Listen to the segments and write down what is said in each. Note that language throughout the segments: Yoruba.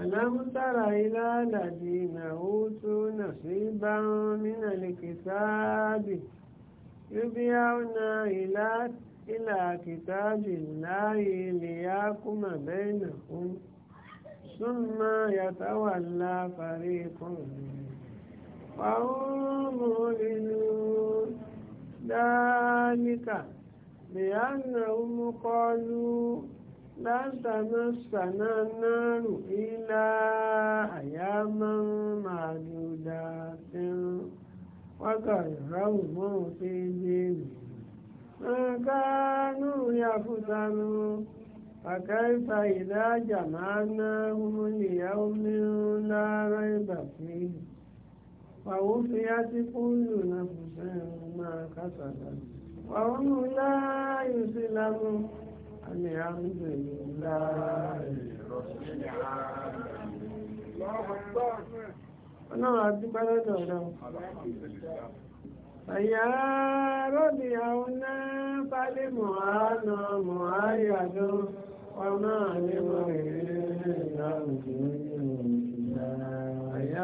ألم تر إلى الذين أوتوا نصيبا من الكتاب يبيعون إلى إلى كتاب الله ليحكم بينهم ثم يتولى فريق وهم مؤمنون ذلك بأنهم قالوا لا تمسنا النار إلا أياما معدودات وكرههم في دينهم ما كانوا يفتنون فكيف إذا جمعناهم ليوم لا ريب فيه ووفيت كل نفس ما كسبت وهم لا يسلمون الحمد لله رب العالمين الله أكبر ọlọ́run àdúgbà lọ́dọ̀ ọ̀dọ̀ ẹ̀yà rọ́bì àwọn náà pálí mọ̀hánà mọ̀háyà lọ ọmọ àlẹ́mọ̀ ìrìnlẹ̀ ìlànà ìrìnlẹ̀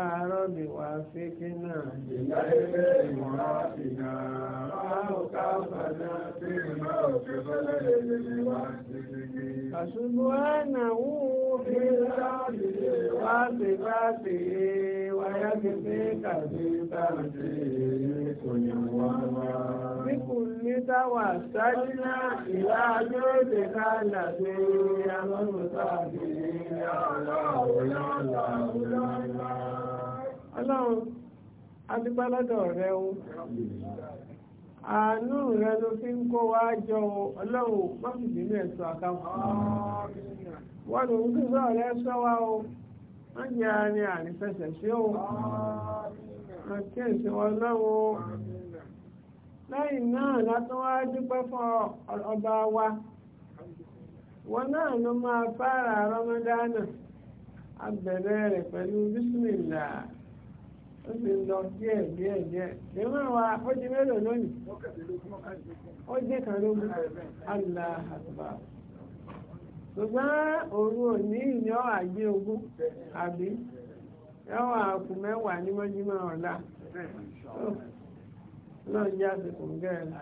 àárọ̀ lè wá sí kí náà. ìyá ilé ìmọ̀ra ìyá àlùkà bàjẹ́ sí ìmọ̀ òkèfẹ́lẹ́ ìlú wa sí kí. àṣùgbù àná wù ú fi láti wá sí bá sí i wáyá ti fi kàbí tàbí kò ní wá wá. bí kò ní táwà sájú náà ìlà ajọ́ òde ká làbí amọ́nù tàbí ìyá ọlọ́run lọ́la ọlọ́la. ọlọ́run adúgbàlọ́dọ̀ rẹ o àánú rẹ ló fi ń kó wá jọ ọlọ́run mọ́sùlùmí ẹ̀sọ́ àkàkọ́ wọ́n ló ń rẹ sọ wá o wọ́n jẹ́ sí o kí wọn lọ́wọ́ lẹ́yìn náà látún wá dúpẹ́ fún ọba wa wọn náà ló máa rọmọdánà ó ti lọ díẹ̀ díẹ̀ díẹ̀ èmi wa ó di mélòó lónìí ó dé kan lógún aláhàbà ṣùgbọ́n òru òní ìyọ́ àgbé ogún àbí yọ́wọ́ àkù mẹ́wàá ní mọ́júmọ́ ọ̀la náà já sí kùn gẹ́ẹ̀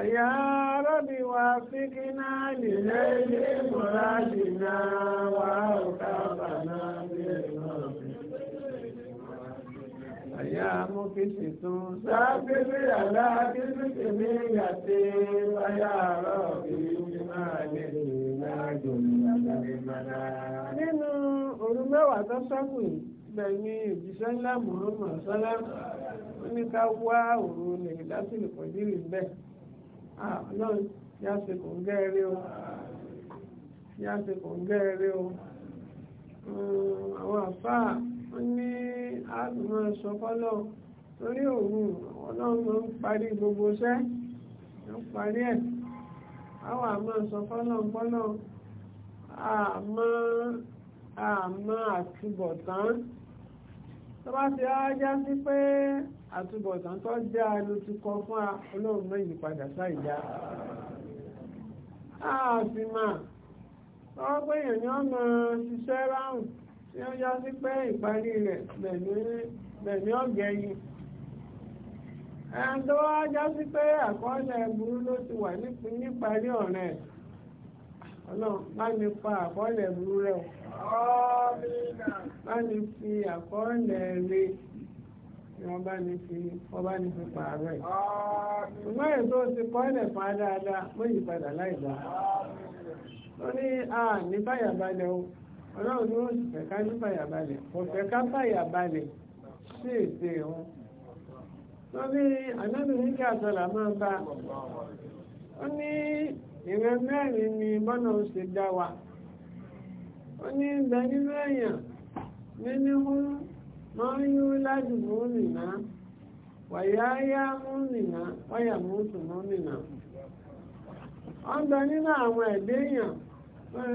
ọ̀yá wa fi kí náà jìnnà wà ó bí ẹ̀rọ ọ̀gbìn Àyà mú kí ṣètún sábẹ́bẹ́ àlá kí ṣètè ní ìyàtẹ̀ báyà rọ̀ kí ní máa lè láàjò nígbàdá. Nínú òru mẹ́wàá tó sọ́kù gbẹ̀yìn òjíṣẹ́ ńlá Mùhàmmad Sọ́lá ó ní ká wá òru lè lásìkò pọ̀jírì bẹ́ẹ̀. Ọlọ́run yá ṣe kò ń gẹ́rẹ́ o. Yá ṣe kò ń gẹ́rẹ́ o. Àwọn àfáà àgbọ̀n ẹ̀sọ́ fọ́lọ́ torí òun ọlọ́run ń parí gbogbo iṣẹ́ ń parí ẹ̀ àwọn àmọ́ ẹ̀sọ́ fọ́lọ́ fọ́lọ́ àmọ́ àmọ́ àtúbọ̀tán tó bá ti ájá sí pé àtúbọ̀tán tó jẹ́ ló ti kọ fún ọlọ́run mẹ́yìn padà sáìjá ààfin máa tọ́wọ́ pé èèyàn máa ṣiṣẹ́ ráhùn tí ó yá sí pé ìparí rẹ̀ bẹ̀mí ọ̀gẹ̀ yìí ẹn tó wá já sí pé àkọọ́lẹ̀ burú ló ti wà níparí ọ̀rẹ́ ọlọ́run má ní pa àkọọ́lẹ̀ burú rẹ̀ o má ní fi àkọọ́lẹ̀ rẹ̀ ni wọ́n bá ní fi wọ́n bá ní fi pààrọ̀ ẹ̀. ṣùgbọ́n èso ti kọ́lẹ̀ fún adáadáa wọ́n yí padà láì dáa. ní a ní ọlọ́run ni wọ́n sì sí wọn wọ́n bí kí àtọ́là máa ó ní ìrẹ́ mẹ́rin bọ́nà ó ṣe dá wa ó ní ìgbà nínú èèyàn nínú hún máa ń yú ládùúgbò nìna mú wáyà mú tù mú Ọ ń nínú àwọn wọ́n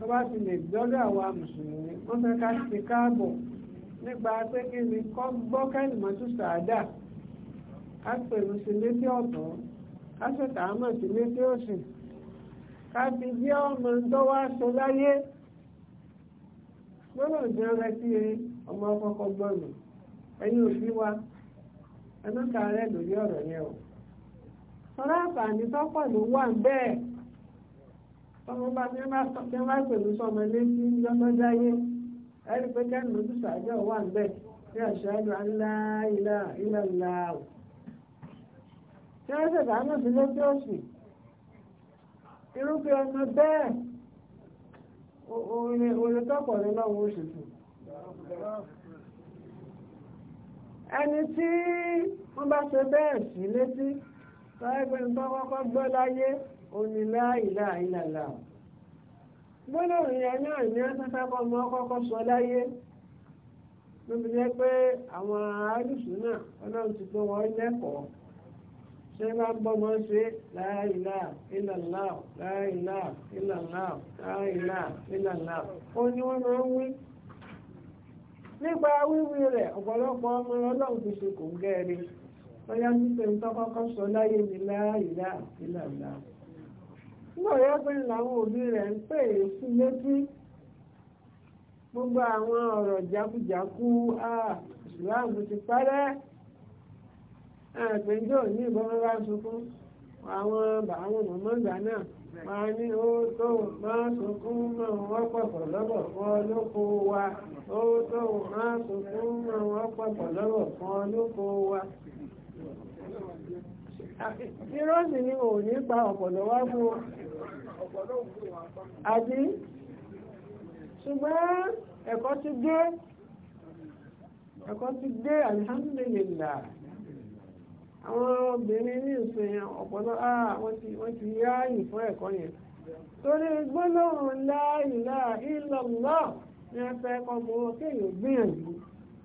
tó bá ti lè dọ́dọ̀ àwa mùsùlùmí wọ́n fẹ́ ká ti káàbọ̀ nípa pé kí ni kọ́ gbọ́ kẹ́lìmọ́ tó sàádà ká pèrò sí létí ọ̀tọ̀ ká ṣètà àmọ̀ sí létí òsì ká fi jẹ́ ọmọ tó wá sọ láyé gbọ́dọ̀ jẹ́ rẹtí ọmọ kọ́kọ́ gbọ́nù ẹ̀yin òbí wa ẹ̀mọ́ta rẹ̀ lórí ọ̀rọ̀ yẹn o. sọ́lá àǹfààní tọ́pọ̀ ló wà bẹ́ẹ̀ ọmọ bá ní má kí má pẹ̀lú sọmọ létí lọ́mọdáyé ẹni pé kẹ́ni lójú sàájọ́ wà ń bẹ̀ ní àṣàjọ ńlá ilà ilà ńlá o. tí wọ́n ṣẹ̀dá náà sí lójú òsì irúfẹ́ ọmọ bẹ́ẹ̀ òye tọ́pọ̀ ní lọ́wọ́ oṣù tó. ẹni tí wọ́n bá ṣe bẹ́ẹ̀ sí létí tọ́ tọ́wọ́kọ́ gbọ́ láyé òní láìlá ìlàlá gbọ́dọ̀ yẹn náà ní asásábọ̀ ọmọ kọ́kọ́ sọ láyé níbi jẹ́ pé àwọn àádùsù náà ọlọ́run ti tó wọ́n lẹ́kọ̀ọ́ ṣé bá ń bọ́ mọ́ ṣe láìlá ìlàlá láìlá ìlàlá láìlá ìlàlá ó ní wọ́n máa ń wí nípa wíwí rẹ̀ ọ̀pọ̀lọpọ̀ ọmọ ọlọ́run ti ṣe kò gẹ́ẹ̀rẹ́ bóyá títẹ̀ ń sọ láyé ní láìlá ìlàlá nígbà ọ̀rẹ́bìnrin làwọn òbí rẹ̀ ń pè é sí létí gbogbo àwọn ọ̀rọ̀ jákújákú ìsìláàmù ti parẹ́ àpéjọ ní ìbọn bá sunkún àwọn àwọn mọ̀mọ́gbà náà máa ní ó tó máa Ìrọ́sì ni ò ní pa ọ̀pọ̀lọ́ wá fún ọ. Àbí? Ṣùgbọ́n ẹ̀kọ́ ti dé. Ẹ̀kọ́ ti dé alhamdulillah. Àwọn obìnrin ní ìsìn ọ̀pọ̀lọ́ wọ́n ti yáàyì fún ẹ̀kọ́ yẹn. Torí gbólóhùn la ilaha illallah ni a fẹ́ kọ́ mọ́ kéèyàn gbìyànjú.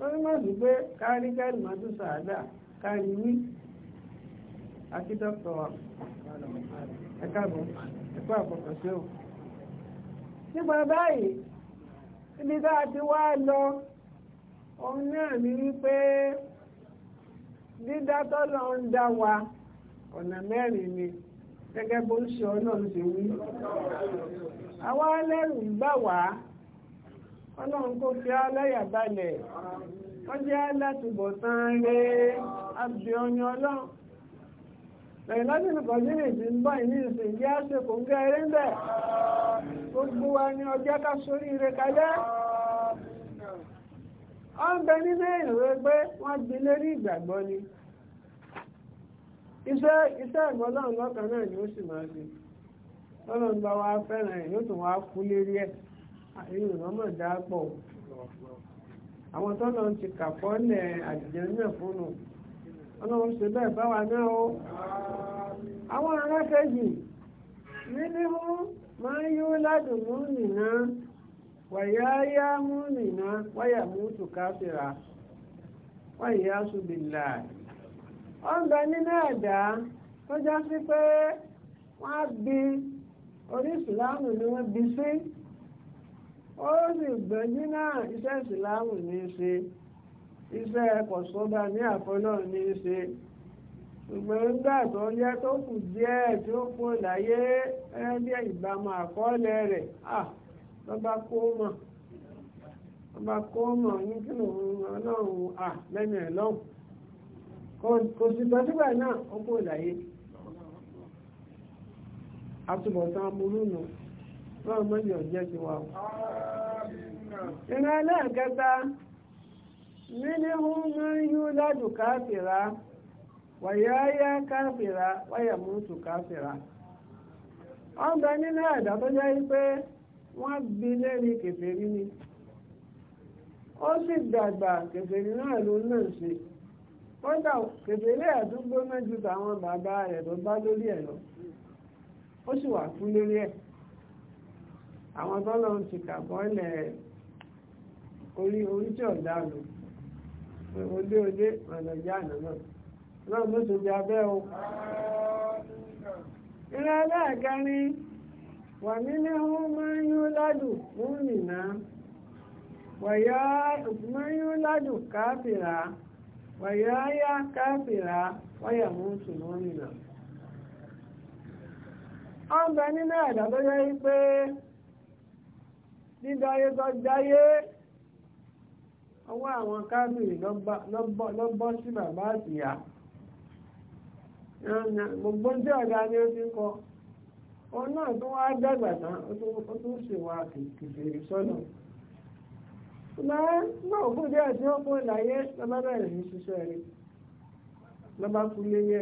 wọ́n ní mọ̀sí pé kárí kárí màá tún sàádà kárí wí àti dọ́kítọ̀ wa ẹ káàbọ̀ ẹ̀kọ́ àpọ̀pọ̀ sí o. nípa báyìí ibi tá a ti wá lọ òun náà ní wípé dídá tọ́lọ ń dá wa ọ̀nà mẹ́rin ni gẹ́gẹ́ bó ń ṣe ọlọ́run ṣe wí. àwa lẹ́rù ń wá. ọlọ́run kó kí á láyà balẹ̀ wọ́n jẹ́ látùbọ̀ tán rẹ̀ abẹ́ ọlọ́run lẹ́yìn láti nìkọ̀ nínú ìdí ń bá ìní ìsìn kò ń gẹ́ eré ń gbogbo wa ni ọjọ́ ká sórí ire kalẹ́ bẹ pé wọ́n ìgbàgbọ́ ni iṣẹ́ iṣẹ́ ìgbọ́lọ́run lọ́kàn náà ni ó sì máa ọlọ́run bá wa fẹ́ràn ẹ̀ yóò àyìn ìrànmọ̀ dáàpọ̀ àwọn tọ́lọ ti kàpọ́lẹ̀ àjẹ́ náà fúnnu ọlọ́run ṣe bẹ́ẹ̀ báwa náà ó àwọn arákẹ́jì mínímú máa ń yóò ládùn mú nìna wàyáyá mú nìna wáyà mú tùkáfìrà wáyà ṣubìlà ó ń bẹ nínú ẹ̀dá tó já sí pé wọ́n á bí orí ìsìláàmù ni wọ́n bí sí ó sì gbẹ́jú náà iṣẹ́ ìsìláàmù ní í ṣe iṣẹ́ kọ̀sọ́ba ní àfọlọ́ ní í ṣe ṣùgbọ́n nígbà tó yẹ tó kù díẹ̀ tí ó kú láyé ẹgbẹ́ ìbámu àkọọ́lẹ̀ rẹ̀ lọ́ba kó mọ̀ lọ́ba kó mọ̀ ní kí lòun ọlọ́run à lẹ́nu ẹ̀ lọ́hùn kò sì tọ́ sígbà náà ó kú láyé àtúbọ̀tán burú nù. lọ́rọ̀ mọ́jọ jẹ́ ti wà ìran aláàkẹta nínú yíó ládù káfìrá wàyáyá káfìrá wáyàmútù káfìrá wọ́n bẹ nínú ẹ̀dà tó jẹ́ wípé wọ́n bí lérí kèfèrí ni ó sì dàgbà kèfèrí náà ló náà ṣe kódà tàwọn bàbá rẹ̀ tó bá lórí ẹ̀ lọ ó sì wà fún lórí ẹ̀ àwọn tọ́lọ̀ ń ti kàbọ́lẹ̀ orí orí tí ọ̀dá lò odé odé ọ̀nà ìyá àná náà náà ló ti di abẹ́ o. ìrẹ́ aláàgárí wà nínú ọmọ máa ń yún ládùn fún nìna wàyá máa ń yún ládùn káfìrà wàyá yá káfìrà wáyà mú tùmọ́ nìna. ọ̀n bẹ nínú ẹ̀dá dídáyé tó dáyé ọwọ́ àwọn kábìrì lọ́bọ́ sí bàbá àtìyá gbogbo tí ọ̀gá ni ó ti kọ òun náà tó wá dàgbà tán ó tún sì wá kìkìkìrì sọ́nà ṣùgbọ́n náà kú díẹ̀ tí ó kú ìdáyé lọ́bá bẹ̀rẹ̀ ní ṣiṣẹ́ rẹ̀ lọ́bá kú léyẹ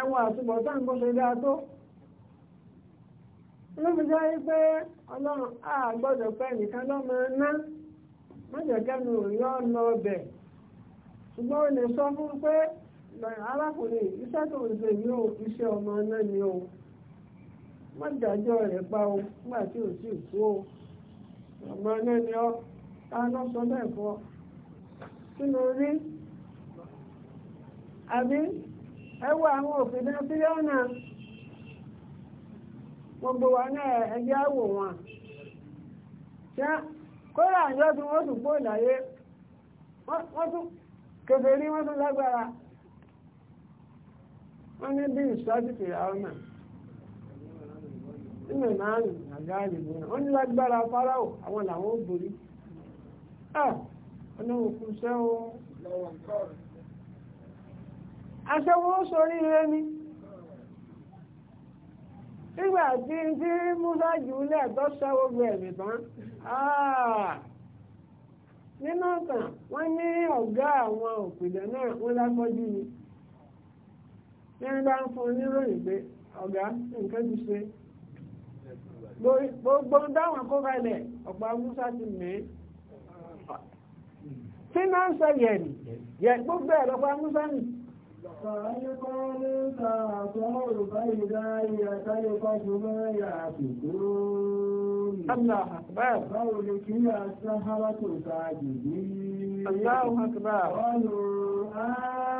ẹwà àtúbọ̀ tá ń bọ́ ṣe dáa tó ló fi jẹ́ pé ọlọ́run á gbọ́dọ̀ pẹ́ nìkan lọ́mọ ná mọ́jọ̀kẹ́nu yọ́ lọ bẹ̀ ṣùgbọ́n o lè sọ fún pé arákùnrin iṣẹ́ tó ń ọmọ náà ni o mọ́jọ̀jọ́ rẹ̀ pa o nígbà tí o ọmọ náà ni ọ sọ bẹ́ẹ̀ fọ kí ló rí àbí ẹ gbogbo wa náà ẹgbẹ́ wò wọn kódà àjọ tí wọ́n tún pò láyé wọ́n tún kèfè rí wọ́n tún lágbára wọ́n ní bí ìṣájú fèrè àwọn náà nínú ìmáàrùn àgbà náà wọ́n ní lágbára fáráò àwọn làwọn ò borí ọlọ́run kú nígbà tí ń tí múlá jùlẹ̀ tó sọ gbogbo ẹ̀mí tán ah, nínú ọ̀tàn wọ́n ní ọ̀gá àwọn òpìlẹ̀ náà wọ́n lápọ́jú ni ní bá ń fún níròyìn pé ọ̀gá nǹkan ti ṣe gbogbo dáwọn kó balẹ̀ ọ̀pá musa ti mẹ́ tí náà ń sọ yẹ̀rì yẹ̀ gbogbo ẹ̀rọ musa nìí فألقوا فأعصوا فإذا هي تلقف ما يعفكون الله أكبر فألقي السحرة ساجدين الله أكبر قالوا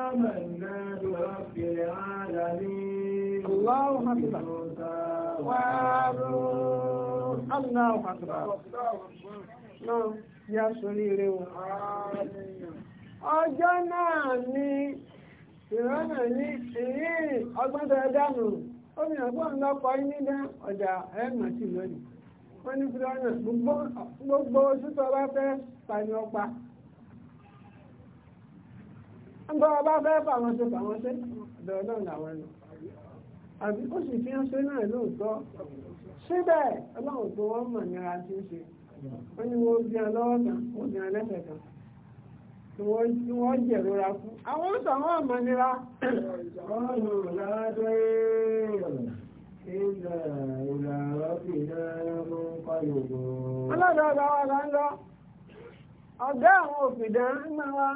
آمنا برب العالمين الله أكبر الله أكبر náà yá sórí ire o ọjọ́ náà náà ní ìrìn ọgbọ́n tó dánù omi ọgbọ́n lọ́pọ̀ nígbà ọjà ẹ̀mọ̀ sí lónìí wọ́n ní fúlọ́nà gbogbo oṣù tó bá fẹ́ pàní ọpa ńgbọ́ ọba fẹ́ pàwọn ṣe pàwọn ṣe dọ̀ọ́dọ̀ làwọn lọ àbí ó sì fi ń ṣe náà lóòótọ́ síbẹ̀ ọlọ́run tó wọ́n mọ̀ nira ti ń ṣe wọ́n ní wọ́n bí ọlọ́wọ́ kan wọ́n bí tí wọ́n jẹ̀rora fún àwọn ìtàwọn àmọ́nira ọlọ́dọ̀ọ̀dọ̀ wà ọ̀gá àwọn òfìdá wọ́n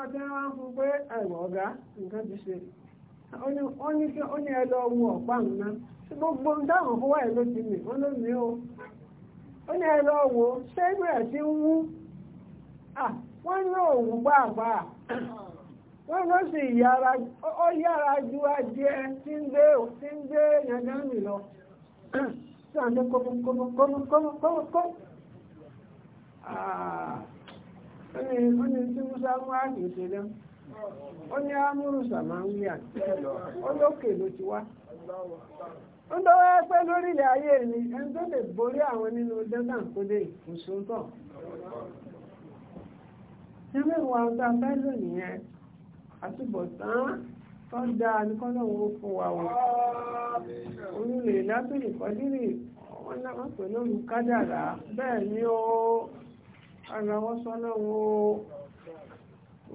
fún pé ẹ̀wọ̀ ọ̀gá nǹkan ti ṣe ó ní ẹlọ ohun ọ̀pá ńlá tí gbogbo dáhùn fún wáyé ló ti mì wọ́n ló mí ó ó ní ẹlọ ohun ṣé ń wú wọ́n ní òun pàápàá wọ́n ló sì yára ju ajẹ́ tí ń gbé yànjẹ́mì lọ sáàdé kọ́mọ́kọ́mọ́kọ́mọ́kọ́mọ́ ah, ó ní tí musa mú àgbèsè lẹ́m ó ní amúrù sàmáwíyà ó lókè ló ti wá ó lọ́wọ́ pẹ́ lórílẹ̀ ayé ni ẹni tó lè borí àwọn nínú dẹ́gbà kó dé ìfúnṣóńtọ̀ nígbà ìwà ọgbà fẹ́ lónìí yẹn àtúbọ̀tán tó dáa ní kọ́nà owó fún wa wọn olùlè látòlè kọ́dírì wọn náà pè lóru bẹ́ẹ̀ ni ó ara wọn sọ́nà wo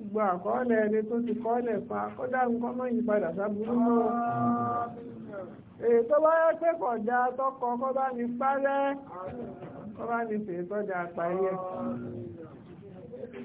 gbogbo àkọọ́lẹ̀ ẹni tó ti kọ́ọ́lẹ̀ pa tọkọ bá ní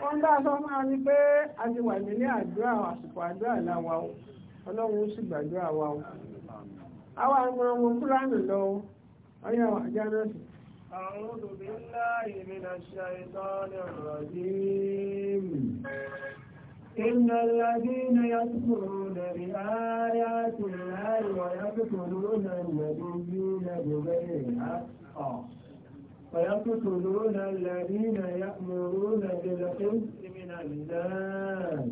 wọ́n dá sọ máa ní pé a ti wà nílé àdúrà àsìkò àdúrà láwa o ọlọ́run sì gbàdúrà wa o àwa ọmọ ọmọ fúlàní lọ ọyá àjá náà sì. إن الذين بآيات الله النبيين بغير ويقتلون الذين يأمرون بالقسط من الناس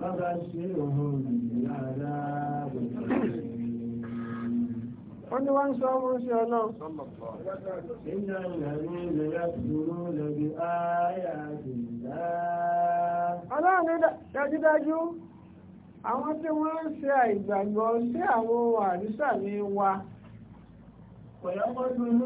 فبشرهم بعذاب Wọ́n ni wọ́n ń Ọlọ́run dájúdájú, àwọn tí wọ́n ń ṣe àìgbàgbọ́ sí àwọn àrísà ní wa. ويقتلون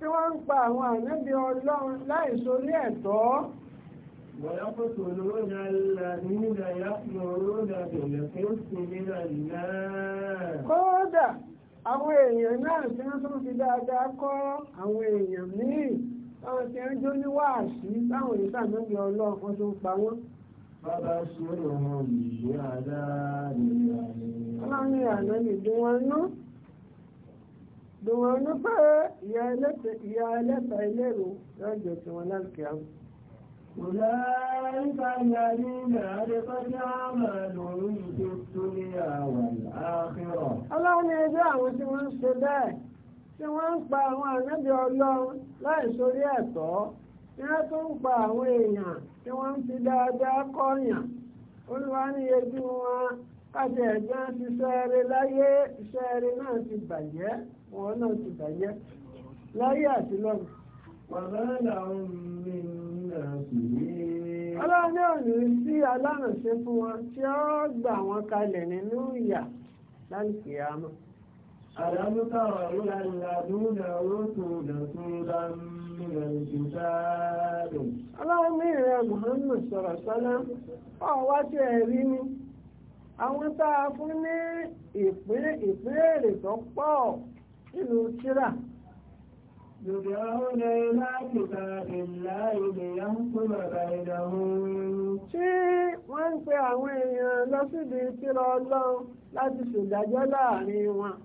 tí wọ́n ń pa àwọn ànábì ọlọ́run láìsórí ẹ̀tọ́. ويقتلون àwọn èèyàn náà tí wọ́n tún fi dáadáa kọ́ àwọn èèyàn míì táwọn ti ń jó ní ọlọ́run tó ń pa wọ́n. Láàrin àná ni ìdúnwọnú. Ìdúnwọnú pé ìyá ẹlẹ́ta ilérò lọ́jọ́ tí wọ́n láìkẹ́ àwọn. Òlá nípa ìyá ní ìrìnàjò kọjá máa lòrún ìjọ tó ní àwọn àfihàn. Ọlọ́run ẹgbẹ́ àwọn tí wọ́n ń ṣe bẹ́ẹ̀, tí wọ́n ń pa àwọn ànábì Ọlọ́run láìsórí ẹ̀tọ́ tí wọ́n tó ń pa àwọn èèyàn tí wọ́n ń fi dáadáa kọ́yàn olúwa ní ojú wọn káṣẹ ẹ̀gbọ́n ti sẹ́ẹ̀rẹ̀ láyé sẹ́ẹ̀rẹ̀ náà ti bàjẹ́ wọn náà ti bàjẹ́ láyé àti lọ́run. Ọlọ́run náà ní sí alárànṣe fún wọn tí ó gbà wọn kalẹ̀ nínú ìyà láìpẹ́ ألم تر إلى الذين أوتوا نصيبا من الكتاب Ọlọ́run ní ìrẹ̀ Muhammad sọ̀rọ̀ sọ́lá, ọ̀wá tí ẹ̀ àwọn tá fún ní ìpínlẹ̀ tó pọ̀ nínú Tíra. ilá kìtà ìlà ń Tí wọ́n ń àwọn èèyàn láti láàrin wọn.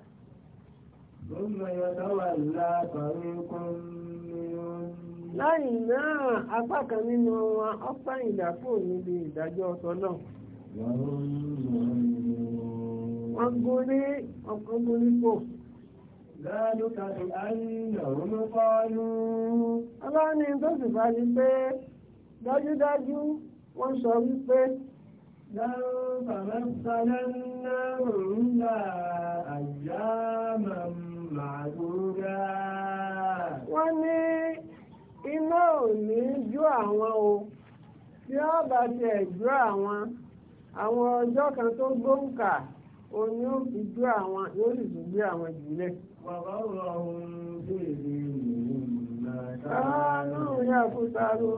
lẹ́yìn náà apá kan nínú wọn ọpẹ́ ìdàpò níbi ìdájọ́ ọ̀tọ̀ náà wọ́n gorí ọkọ̀ gorí pò láàrúkà sí àìyàn ọmọ pàálù ọlọ́ni tó sì bá ní dájúdájú wọ́n sọ wípé láàrúkà mẹ́ta lẹ́nà òun náà àyàmàmù wọ́n ní iná ò ní jó àwọn o tí ó bá ti ẹ̀jọ́ àwọn àwọn ọjọ́ kan tó gbóǹkà oní ó fi jó àwọn yóò sì tún gbé àwọn jùlẹ̀. bàbá ọ̀rọ̀ ọ̀hún bèèrè Àánú ìyá òkúta ló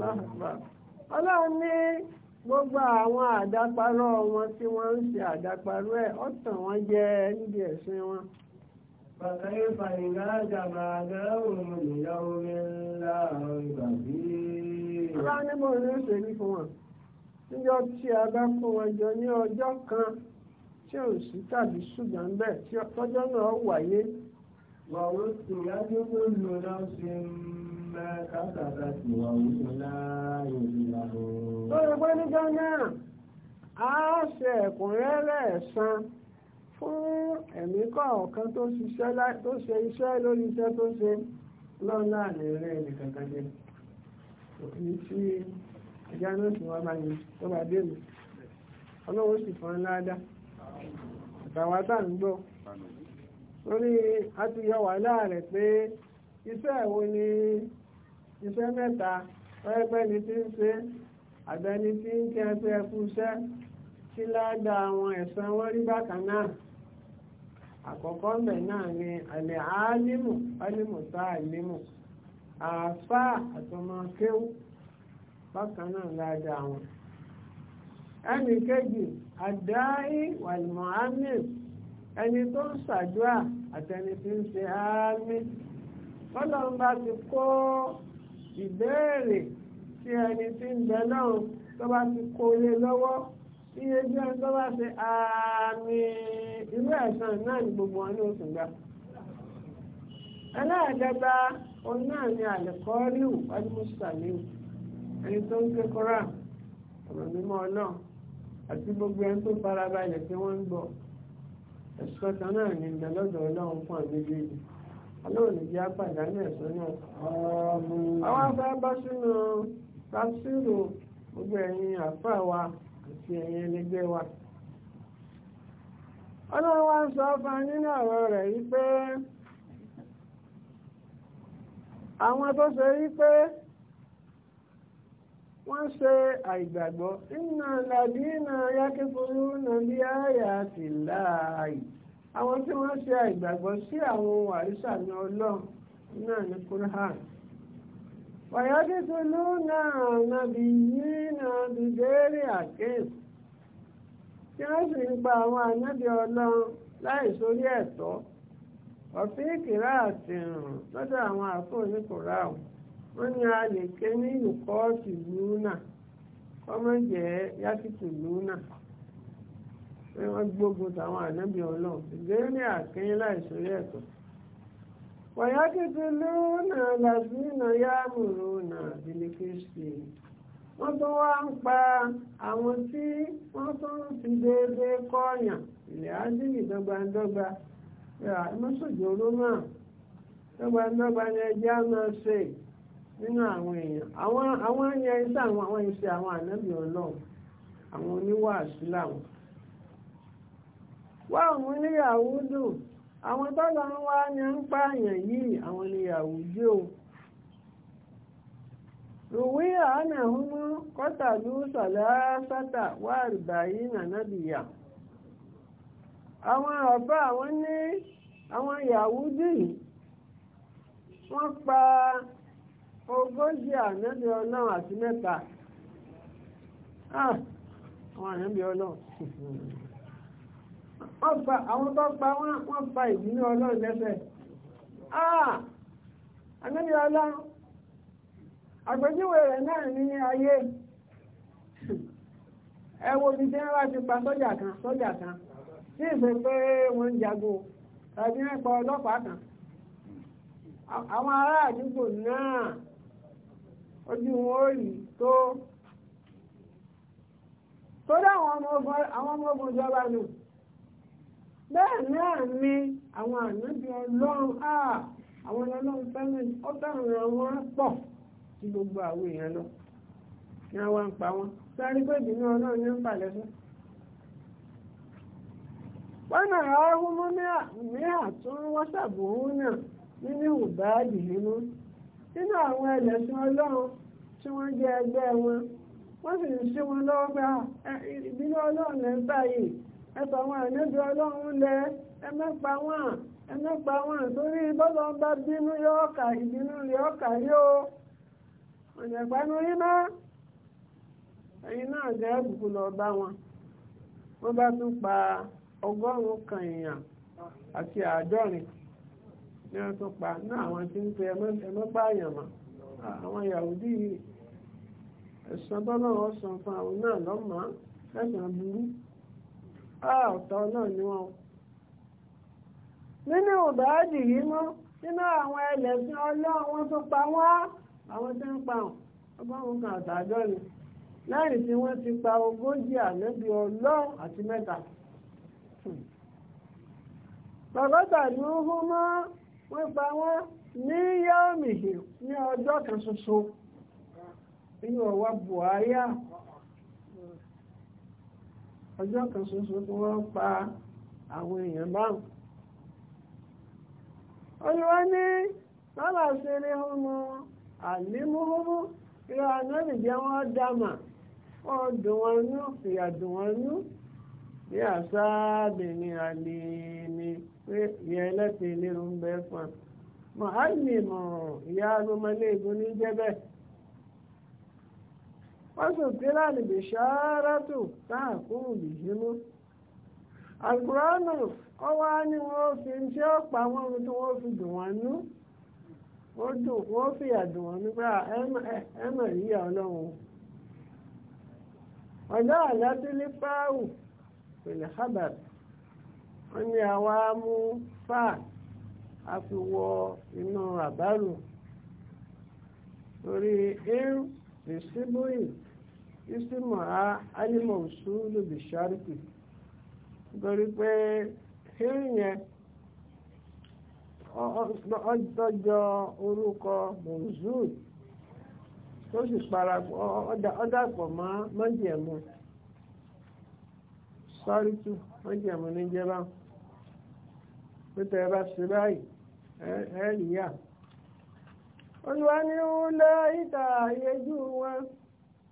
láàbà. Ọlọ́run ní gbogbo àwọn àdáparọ́ wọn tí wọ́n ń ṣe àdáparọ́ ẹ̀ ọ̀tàn wọn jẹ́ níbi ẹ̀sìn wọn. فكيف إذا جمعناهم ليوم لا ريب فيه. Ọlọ́run mọ̀ ní òṣèlú Níjọ́ tí a bá kó wọn ní ọjọ́ kan tí ò sí tàbí ṣùgbọ́n bẹ́ẹ̀ tí tọ́jọ́ náà wáyé. Wàwó sì yájú tó lò náà ṣe ń mẹ́ kátàkà sí wàwó tó láàyè ìlànà. Lórí pé níjọ́ náà, a ṣe ẹ̀kúnrẹ́rẹ́ ẹ̀san fún ẹ̀mí kọ̀ọ̀kan tó ṣe iṣẹ́ lórí iṣẹ́ tó ṣe lọ́nà àlẹ́rẹ́ nìkankan jẹ́ òní tí ẹjá náà sì wọ́n bá ní tó bá dé mi ọlọ́wọ́ sì fọ́n ládá àtàwà tá ń gbọ́ lórí àtúyọ wà láàrẹ̀ pé iṣẹ́ ẹ̀wọ́ ni iṣẹ́ mẹ́ta pẹ́ẹ́pẹ́ ni tí ń ṣe àbẹ́ni tí ń kẹ́ pẹ́ fún iṣẹ́ tí ládá àwọn ẹ̀san wọ́n rí bákan náà àkọ́kọ́ mẹ́ náà ni àlẹ́ àálímù àálímù tá àlímù àáfáà àtọmọkéwù bákan náà láàdá wọn ẹnì kejì àdáyé wàlùmọ̀ ámì ẹni tó ń ṣàdúrà àtẹni tí ń ṣe ámì ọlọ́run bá ti kó ìbéèrè tí ẹni tí ń bẹ lọ́run tó bá ti kó lé lọ́wọ́ iye bí wọn tó bá ṣe àmì naanị náà ní gbogbo wọn ní oṣù gbà. òun náà ni àlẹ́kọ́ ríù ẹni tó ń ké kọ́ra ọ̀rọ̀ mímọ́ náà àti gbogbo ẹni tó farabalẹ̀ tí wọ́n ń gbọ́ ẹ̀sùn náà ní ìgbà lọ́dọ̀ ọlọ́run fún ọlọ́run náà. àwọn afẹ́ bá sínú àti ẹ̀yìn ẹlẹgbẹ́ wa ọlọ́run ń sọ fún nínú ọ̀rọ̀ rẹ̀ wípé àwọn tó ṣe wípé wọ́n ṣe àìgbàgbọ́ iná làdínà yákéfuru nàbí àyà ti láàyè àwọn tí wọ́n ṣe àìgbàgbọ́ sí àwọn ohun àrísà ọlọ́run náà ní kúrhán ويقتلون نبيين بغير حق tí wọ́n sì ń gba àwọn ànábì ọlọ́run láì sórí ẹ̀tọ́ ọ̀fíì kìrá àti ìrùn lọ́dọ̀ àwọn àfọ̀ ní kòráù wọ́n a lè ké ní ìkọ́ọ̀tì lúnà ويقتلون الذين يأمرون بالقسط wọ́n tó wá ń pa àwọn tí wọ́n tó ń fi déédéé kọ́ọ̀yàn ilẹ̀ ájílì dọ́gbandọ́gba mọ́sòjòrò náà dọ́gbandọ́gba ni ẹjẹ́ máa ṣe nínú àwọn èèyàn àwọn ẹyẹ iṣẹ́ àwọn àwọn iṣẹ́ àwọn ànábì ọlọ́run àwọn wá òun níyàwó dùn àwọn tọ́lọ ń wá ní ń pààyàn yìí àwọn ni àwùjọ rùwí àánà húnmú kọ́tàlú sàlásátà wà àrùbáyí nànábìyà àwọn ọ̀bá àwọn ní àwọn yàwúdì wọ́n pa ogójì ànábì ọlọ́run àti mẹ́ta ah, àwọn ànábì ọlọ́run wọ́n pa àwọn tó pa wọ́n wọ́n pa ìbínú ọlọ́run lẹ́sẹ̀ ah anábì ọlá àpèjúwe rẹ̀ náà ní ayé ẹ wo ibi tí wọ́n bá ti pa sọ́jà kan sọ́jà kan tí ìfẹ́ pé wọ́n ń jago tàbí wọ́n pa ọlọ́pàá kan àwọn ará àdúgbò náà ojú wọn ó rí tó tó dáwọn ọmọ ogun ìjọba nù. bẹ́ẹ̀ náà ni àwọn ànábì ọlọ́run áà àwọn ọlọ́run fẹ́ràn ó fẹ́ràn wọ́n pọ̀ sí gbogbo àwọn èèyàn lọ ní àwọn ń pa wọn sáré pé ọlọ́run ní ń pàlẹ́ fún. mú ní wọ́n náà nínú nínú àwọn ẹlẹ́sìn ọlọ́run tí wọ́n ẹgbẹ́ wọn wọ́n sì ń ẹ̀fà àwọn ànẹ́bí ọlọ́run lẹ ẹmẹ́pa wọn ẹmẹ́pa wọn torí bọ́lọ̀ ń bá bínú yọ ọ̀kà ìbínú rẹ̀ ọ̀kà yóò ọ̀yẹ̀gbánu rí mọ́ ẹ̀yin náà jẹ́ ẹ̀bùkù lọ bá wọn wọ́n bá tún pa ọgọ́rùn-ún kan èèyàn àti àádọ́rin ní wọ́n tún pa náà àwọn tí ń pe ẹmẹ́pa àyàn mọ́ àwọn Yahudi ẹ̀sán bọ́lọ̀ ọ̀sán fún àwọn náà lọ́mọ́ lẹ́sàn-án burú Ah, ọ̀tọ̀ náà ni wọ́n nínú ìbáàdì yìí mọ́ nínú àwọn ẹlẹ́sìn ọlọ́run wọn tó pa wọ́n àwọn tó ń pa wọn ọgọ́rùn kan àtàjọ́ ni lẹ́yìn tí wọ́n ti pa ogójì àlẹ́bí ọlọ́run àti mẹ́ta bàbátà ní ó hó mọ́ wọ́n pa wọ́n ní yọ́ọ̀mì ní ọjọ́ kan ṣoṣo inú ọwọ́ buhari ọjọ́ kan ṣoṣo tí wọ́n pa àwọn èèyàn báwọn olùwọ́ ní bàbá ṣe rí ọmọ àlímúhúmú ìrọ̀ ànábì jẹ́ wọ́n dámà wọ́n dùn wọn nú fìyà dùn wọn nú bí àṣàbìnrin àlèmí pé ìyá bẹ́ fún un mọ̀ ìyá arúmọlé ìgbóní jẹ́ bẹ́ẹ̀ wọ́sùtìlá nìbì ṣáárátù táàkùn bìhímú alukuraanu wọ́n wá ní wọ́n fi ń tí ó pa wọ́n mu tí wọ́n fi dùn wọ́n nú wọ́n fi àdùn wọ́n nípa ẹ̀mọ̀ yíyá ọlọ́run ọ̀dọ́ àlátúlé fáwù pẹ̀lú harvard wọ́n ní àwa mú fáà a fi wọ inú àbárò torí irú ìsíbúyì ìsìmọ̀ alímọ̀ òṣùlù bìṣáríkì nítorí pé hírì yẹn ọjọ́ orúkọ mọ̀zúù tó sì parapọ̀ ọdàpọ̀ mọ́ mọ́jẹ̀mú sọ́rítù mọ́jẹ̀mú ní jẹba pẹ́tẹ́ bá ṣe báyìí ẹ̀ẹ́rìyà olùwà wọn.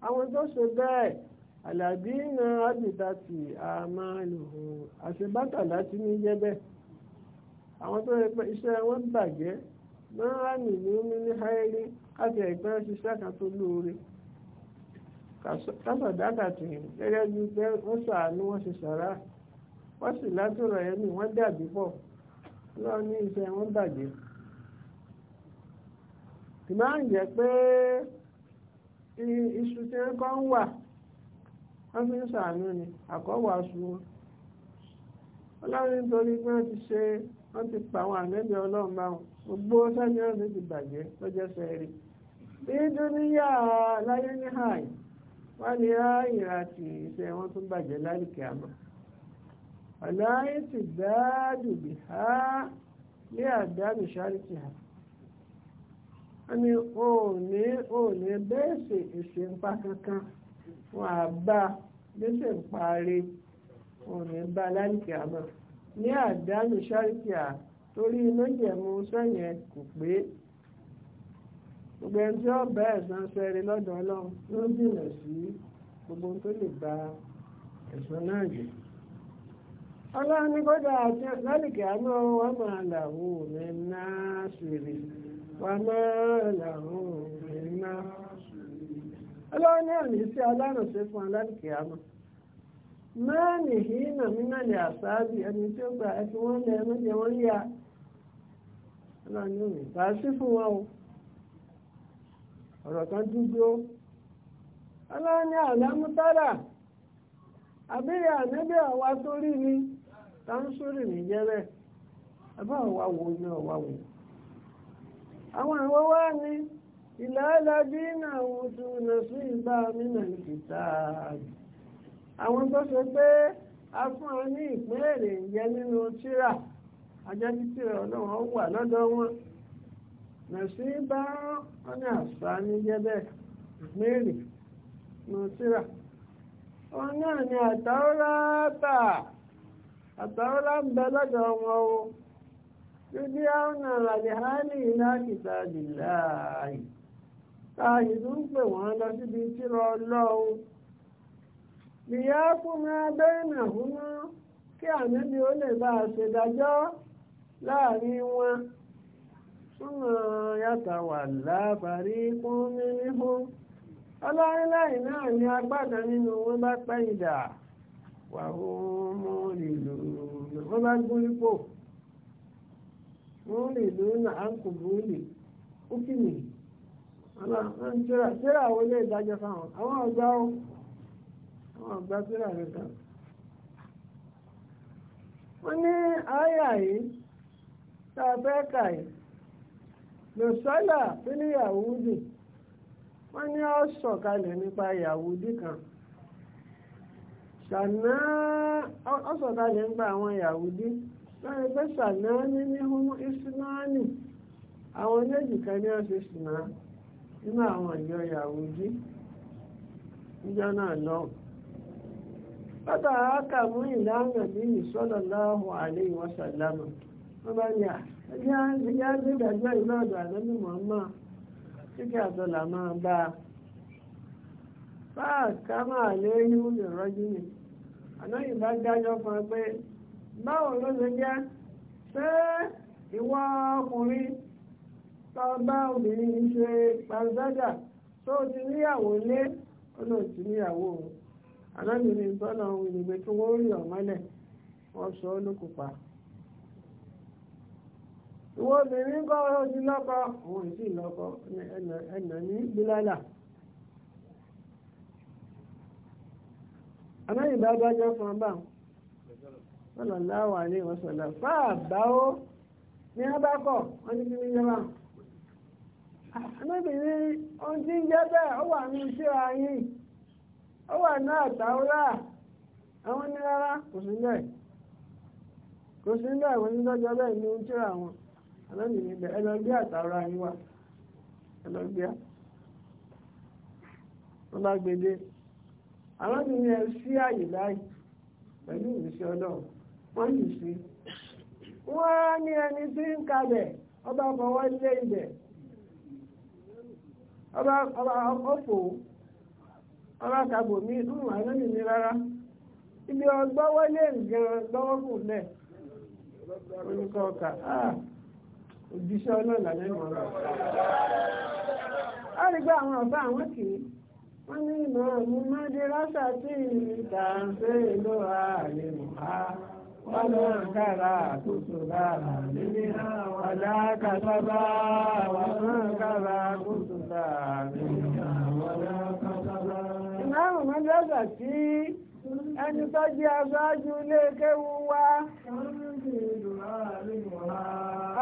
àwọn tó ṣe bẹ́ẹ̀ àlàbí iná ábìtàtì àmàlùhùn àṣebátà láti ní jẹ́bẹ́ àwọn tó rẹ pé iṣẹ́ wọn bàjẹ́ náà nì ní omi ní háírí káfí ẹ̀gbẹ́ ṣiṣẹ́ kan tó lóore kásọ̀dáka tì gẹ́gẹ́ bí pé wọ́n ṣàánú wọ́n ṣe sàrà wọ́n sì látòrọ̀ ẹ̀mí wọ́n dàbí pọ̀ lọ́wọ́ ní iṣẹ́ wọn bàjẹ́ kì máa ń jẹ́ pé. iṣu tí wọ́n kọ́ ń wà wọ́n fi ń sàánú ni àkọ́wà su wọn ọlọ́run torí pé wọ́n ti ṣe wọ́n ti pa àwọn ọlọ́run bá wọn gbogbo sẹ́ni ọ̀sẹ̀ ti bàjẹ́ lọ́jọ́ sẹ́ẹ̀rì ìdú níyà láyé ní hàì wọ́n ní ààyè àti wọn tún bàjẹ́ àmọ́ ti wọ́n ní òní òní bẹ́ẹ̀sì ìṣèǹpa kankan fún àbá bẹ́sẹ̀ ń parí òní bá láìkí àmọ́ ní àdánù sáríkìá torí mọ́jẹ̀mú sẹ́yìn kò pé gbogbo ẹni tí ó bá ẹ̀san sẹ́rí lọ́dọ̀ ọlọ́run ló jìnà sí gbogbo tó lè ba ẹ̀san náà jẹ́ ọlọ́run ní kódà láìkí àmọ́ wọn máa làwọn òní náà ṣèrè wàmọ́ làwọn òmìnir náà ọlọ́run fún nà lè àṣáájú ẹni tí ó gba ẹfi wọ́n lẹ mẹ́jẹ wọ́n yá ọlọ́run ní bá sí fún wọn o ọ̀rọ̀ kan dúdú ọlọ́run àlámútárà àbírí ànẹ́bẹ̀ ọ̀wá sórí mi tá ń sórí mi jẹ́ bẹ́ẹ̀ ẹ wo wo. àwọn àwọn wá ní ìlàálàbí náà wọ́n tún nà sí ìbá mínà ìfìta àwọn tó ṣe pé a fún ọ ní ìpín èrè ìyẹ nínú tíra ajẹ́bí tíra ọlọ́run wà lọ́dọ̀ wọn nà sí bá wọn ní àṣà ní jẹ́bẹ̀ ìpín èrè nínú tíra wọn náà ni àtàwọ́lá tà àtàwọ́lá ń bẹ lọ́dọ̀ wọn o. yudíáwọ̀nà àlèhálì iná kìtà dìláàyè táàyè tó ń pè wọ́n lọ síbi tí lọ lọ́wọ́ ìyá fún mi abẹ́rìnà kí a ṣèdájọ́ láàrin wọn súnmọ́ yàtọ̀ wà lábàárí fún ni wọn bá pẹ́yìndà wà ó mú ìlú wọn bá mu'riduna an qubuli òkìmì àwọn tíra àwọn ilé ìdájọ́ fáwọn àwọn ọ̀gbá ó àwọn ọ̀gbá tíra rẹ̀ kan wọ́n ní àyà yìí tá a fẹ́ kà yìí lòsọ́là nínú wọ́n na pé sànà ní ní húnmú ìsìnáàní àwọn méjì kan ní ọ̀sẹ̀ sìnà nínú àwọn ìjọ ìyàwó jí níjọ náà lọ bàbá àákà mú ìlànà bí wọ́n bá ní ìlú ọ̀dọ̀ àdọ́bí kíkẹ́ àtọ́là máa bá a báà ká máa lé yíwú àná ìbá dájọ́ fún báwo ló ṣe jẹ́ ṣé ìwọ ọkùnrin tó obìnrin ṣe pàṣẹ́jà tó ti níyàwó lé ọ̀nà tí níyàwó alábìnrin ohun ìgbé tí wọ́n rí ọ̀mọ́lẹ̀ wọ́n sọ lókùpa. ìwọ obìnrin kọ́ ọ́ lọ́kọ́ òun ìsì lọ́kọ́ ẹ̀nà ní bílálà. fún ọba sallallahu alaihi wasallam fáàbá ó ní abákọ̀ wọ́n ní kíní yẹn wọn. anábìrin ohun tí ń jẹ́ bẹ́ẹ̀ ó wà ní iṣẹ́ ayé ó wà ní àtàwọ́rà àwọn ní rárá kò sí kò sí wọ́n ní lọ́jọ́ bẹ́ẹ̀ ní bẹ́ẹ̀ ẹ lọ yín ẹ wọ́n yìí sí wọ́n á ní ẹni tí ń kalẹ̀ ọba fọwọ́ ibẹ̀ ọba ọ̀fọ̀ ọba kàbò mi rárá ibi lọ́wọ́ kù lẹ̀ oníkọ́ ọkà òjíṣẹ́ ọlọ́ọ̀lá lẹ́nu ọ̀rọ̀ àwọn ọ̀bá àwọn kì í wọ́n ní ìmọ̀ ọ̀mú mọ́dé ìlú ọlọ́nkàrà kùsùrà nínú ọ̀làkàtàbà ọlọ́nkàrà kùsùrà nínú ọ̀làkàtàbà. ìmáàmù mọ́jọ́sà tí ẹni tó jẹ́ aṣáájú ilé kéwu wá.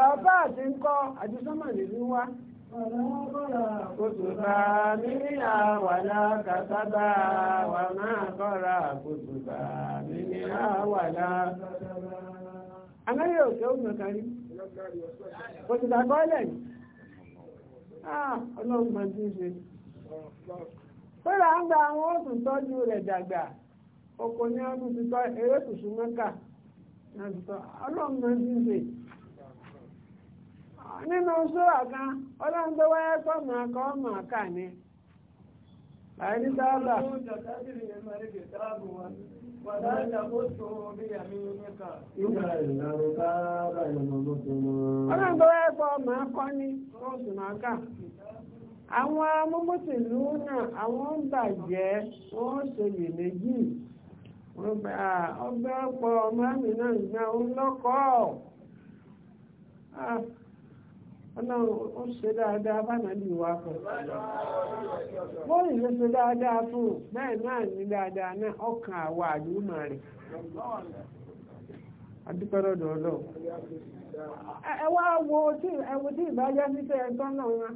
ọba àti ń kọ́ àdìsọ́mọ̀lẹ́bí wá. kùtùbà mímíà wàlá kàtàbà wà máa kọ́ra kùtùbà mímíà wàlá kàtàbà. òkè òmìnà kárí. Kùtùbà kọ́lẹ̀. Ah, Ọlọ́run máa ti ṣe. Fẹ́ra ń gba àwọn oṣùn tọ́jú rẹ̀ dàgbà. Oko ní ọdún ti tọ́ eré tùsùn mẹ́kà. Ọlọ́run máa ṣe. nínú sóra kan ọlọ́run tó wáyé kọ́mà kọ́mà kà ní àìní sáábà ọlọ́run tó wáyé kọ́mà kọ́ ní oṣù máa àwọn amúmútìlú náà àwọn ń bàjẹ́ wọ́n ṣe lè méjì ọgbẹ́ ọmọ náà gbá ọlọ́run ó ṣe dáadáa bánàbí wá fún bóyí ló ṣe dáadáa fún bẹ́ẹ̀ náà ní dáadáa náà ọkàn àwa àdúmọ̀ rẹ̀ adúpẹ́rọ̀dọ̀ ọlọ́run ẹwà wo ẹwù tí ìbájá títẹ̀ ẹgbọ́n náà wá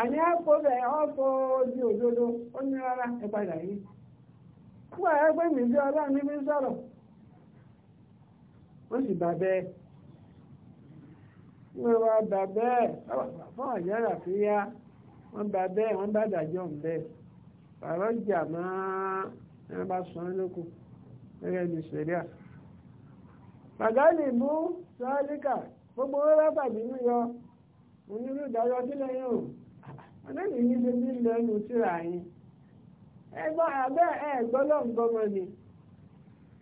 àní àpò rẹ̀ ọ̀pọ̀ ojú òdodo ó ní rárá ẹ padà yìí ẹgbẹ́ mi bí ọlọ́run ní wọ́n wá bà bẹ́ẹ̀ fún àjẹ́rà tó yá wọ́n bà bẹ́ẹ̀ wọ́n bá dàjọ́ ń bẹ́ẹ̀ pàrọ̀ ìjà máa wọ́n bá sàn án lóko gẹ́gẹ́ bí sẹ́ríà. pàgálì mú sáálíkà gbogbo wọn bá bàbínú yọ onírú ìdájọ́ sílẹ̀ yìí o ọlọ́run yìí ṣe bí lẹ́nu síra yín ẹgbọ́n abẹ́ ẹ̀gbọ́n náà ń gbọ́mọ ni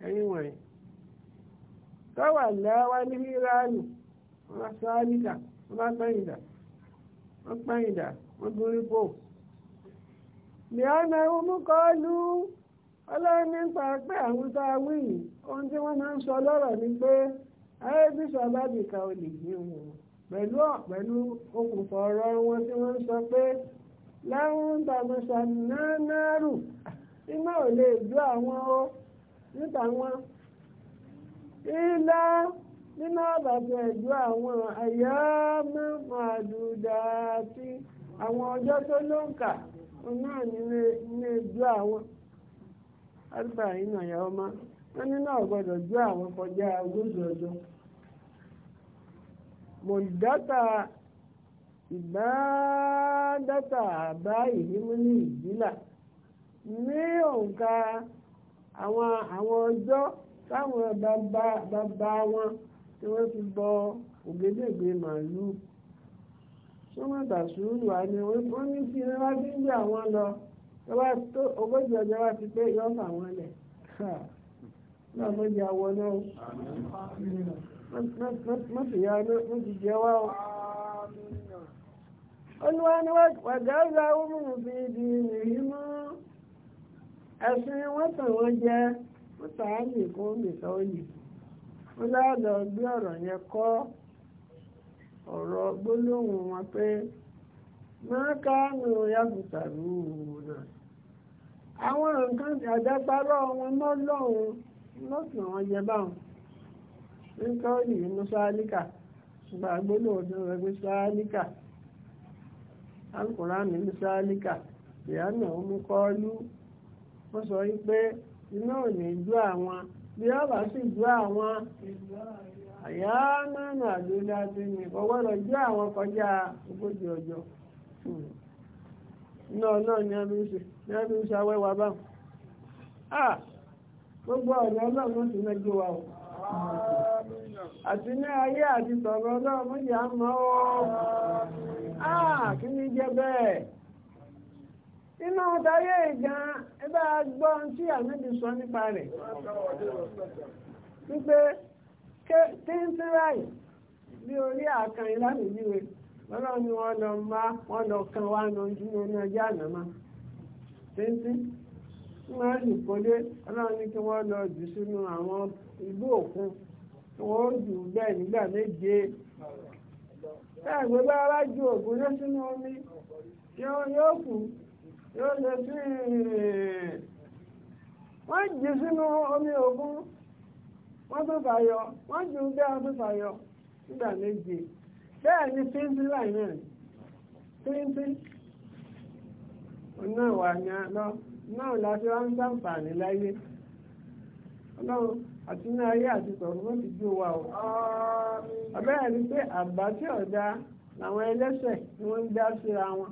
ẹ̀yin wọ̀nyí. tọ́wà lẹ́wọ́ ní hírálù wọ́n bá sáárì dà wọ́n bá pẹ́yìn dà wọ́n pẹ́yìn dà wọ́n gúnrí pò. bíọ́nà ìwọ́mú kọ́ lú ọlọ́run nípa pé àwọn tá a wí yìí ohun tí wọ́n máa ń sọ lọ́rọ̀ ni pé ayébísọ̀ bábìkà ò lè gbé wọn pẹ̀lú pẹ̀lú okùnfà ọ̀rọ̀ wọn tí wọ́n ń sọ pé láwọn ń tàbùsà náà náà rù iná ò lè gbé àwọn o níta wọn. ilá nínú àbàbẹ̀ ẹ̀jọ́ àwọn àyà mẹ́fàdúdà sí àwọn ọjọ́ tó ló ń kà náà nínú ẹjọ́ àwọn àgbà nínú àyà ọmọ wọn nínú ọ̀gbọ́dọ̀ jọ àwọn kọjá ogójì ọjọ́ mọ̀dátà ìbádátà àbá ìhímú ní ìdílà ní òǹkà àwọn ọjọ́ táwọn bàbá wọn tí wọ́n ti bọ ògédègbè màálùú sọ́wọ́n bàṣúrù wa ni wọ́n ní kí ní wá bí ń gbé àwọn lọ ogójì ọjọ́ wa ti pé yọ́ fà wọ́n lẹ̀ náà ló jẹ́ àwọ̀ náà wọ́n sì yá wọ́n ti jẹ́ wá o. olúwa ni wàgáàlà ọmọ fi di nìyí mú ẹ̀sìn wọ́n tàn wọ́n jẹ́ wọ́n tàn á nìkan nìkan ó nìkan. wọ́n lọ́dọ̀ gbé ọ̀rọ̀ yẹn kọ́ ọ̀rọ̀ gbólóhùn wọn pé mọ́kánù yàgùtàrú náà àwọn nǹkan na. wọn mọ́ lọ́hùn lọ́sùn wọn jẹ báwọn nítorí inú sáálíkà ṣùgbọ́n gbólóhùn ní sáálíkà ìyá náà mú kọ́ lú wọ́n sọ wípé iná ò ní ju àwọn bí a bá sì gbọ́ àwọn àyà mẹ́rin àdúrádé ni ọwọ́rọ̀ jẹ́ àwọn kọjá ogójì ọjọ́ náà náà ni a bí ń ṣe awẹ́wà gbogbo ọ̀rọ̀ ọlọ́run ti mẹ́jọ wa o àti ní ayé àti ọlọ́run kí ni bẹ́ẹ̀ nínú ọ̀dáyé ebe ẹgbẹ́ gbo tí àmìbì sọ nípa rẹ̀ wípé tíńtíráì bí orí àkàn ìlànìjíwe lọ́lọ́ ni wọ́n lọ má wọ́n lọ kan wá lọ jú ní ọjọ́ ànàmá tíńtí wọ́n lù wọ́n lọ jù sínú àwọn ìlú òkun tí wọ́n jù bẹ́ẹ̀ nígbà méje bá òkun lọ sínú omi yóò kù yóò lè sí wọ́n jù sínú omi òkun wọ́n tó fàyọ wọ́n jù bẹ́ẹ̀ tó fàyọ nígbà méje bẹ́ẹ̀ ni fíńtì láì náà fíńtì náà wà ní lọ náà láti wá ń sàǹfààní láyé ọlọ́run àti ní ayé àti sọ̀rọ̀ wọ́n ti jó wa o abẹ́rẹ́ ni pé àbá tí ọ̀dà làwọn ẹlẹ́sẹ̀ ni wọ́n ń dá síra wọn.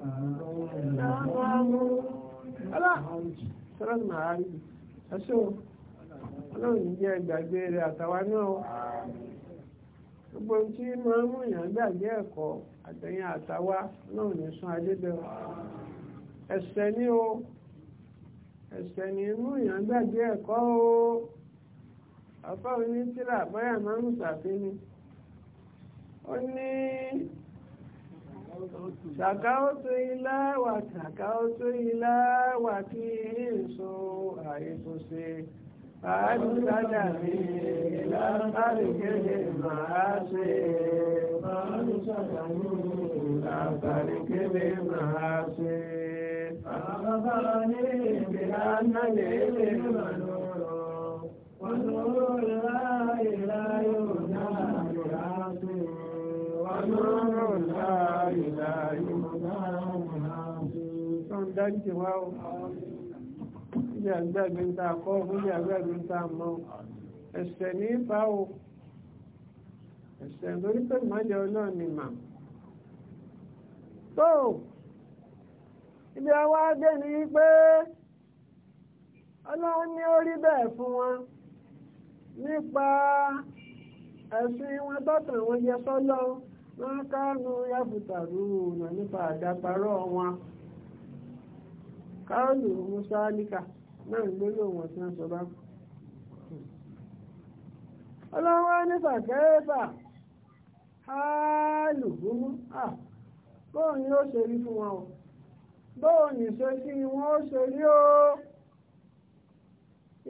sọ́rọ̀ màárì gbogbo tí máa mú èèyàn gbàgbé ẹ̀kọ́ àtẹ̀yìn àtàwa náà ní sún adébẹ̀wò ẹ̀ṣẹ̀ ni o ẹ̀ṣẹ̀ ni mú èèyàn gbàgbé ẹ̀kọ́ o àfáwọn ní tíra báyà máa ń ó ní ṣàkáwótó ilá wà ṣàkáwótó ilá wà kí èso àìsò ṣe àádúgbàdà mi lábàrígẹ́lẹ̀ máa ṣe àádúgbàdà mi lábàrígẹ́lẹ̀ máa ṣe àbábá ní ìgbéra náà lè lè máa lọ́rọ̀ wọ́n lọ́rọ̀ láì láyò náà lè rà sí wọ́n lọ́rọ̀ dárí ti wá o ìyà gbàgbé ń ta kọ́ ìyà gbàgbé ń ta mọ́ ẹ̀sẹ̀ ní ipa o ẹ̀sẹ̀ lórí pé mọ́jẹ ọlọ́run ni mà tó ibi ọwọ́ dé ni pé ọlọ́run ní ó rí bẹ́ẹ̀ fún wọn nípa ẹ̀sìn wọn tọ́tàn wọn jẹ sọ́lọ́run anụ ya bụtara na nípa àdàparọ́ ọnwa káàlù mùsàlíkà náà gbélé na tí wọ́n sọ bá ọlọ́wọ́ nípa kẹfà áàlù gúnmú à ni ó ṣe rí fún wọn o bóò o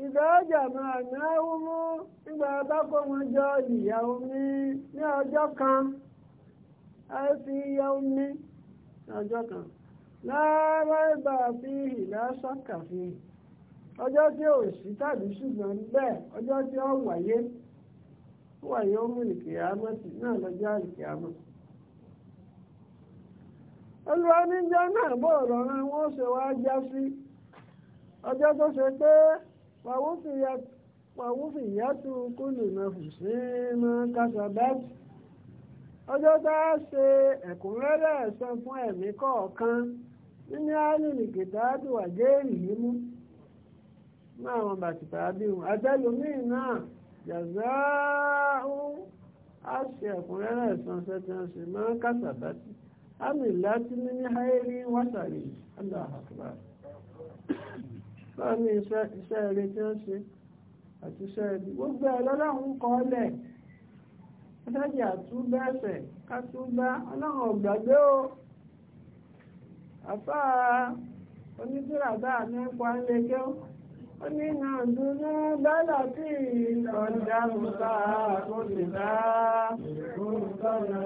ìgbà ọjà máa nígbà wọn jọ kan. àti ìyá omi ọjọ́ kan lára ìgbà fi ìlà sọ́kà fi ọjọ́ tí ò sí tàbí ṣùgbọ́n bẹ́ẹ̀ ọjọ́ tí ó wáyé wáyé ó mú ìkìyàmọ́ tì náà lọ́jọ́ ìkìyàmọ́ olùwà níjọ́ náà bọ̀ rọ̀rùn wọn ṣe wá já sí ọjọ́ tó ṣe pé pàwọ́fìyà tún kúlù náà fún sí mọ́ kásábẹ́ẹ̀tì ọjọ́ tá a ṣe ẹ̀kúnrẹ́rẹ́ ẹ̀san fún ẹ̀mí kọ̀ọ̀kan nínú áìlì kìtàdù àjẹ́rì yìí mú ní àwọn bàtìkà bíhùn àtẹ́lùmíì náà jàzá ó a ṣe ẹ̀kúnrẹ́rẹ́ ẹ̀san sẹ́tẹ̀ẹ́sì máa ń kàtàbátì àmì láti ní ní haírí wátàrí aláhàkùbá báwọn iṣẹ́ rẹ̀ tí wọ́n ṣe àti iṣẹ́ rẹ̀ gbogbo ẹ̀ lọ́lọ́run kọ́ lẹ̀ ẹ̀dájì àtúbá ẹ̀ṣẹ̀ kátúbá ọlọ́run ọ̀gbàgbé o àfá onítìràdá ní pọ́nlẹ́gẹ́ ó ní náà dúnú bẹ́lá tí ìlọ́jà mọ́ta tó lè dá Ìfọ́nbánà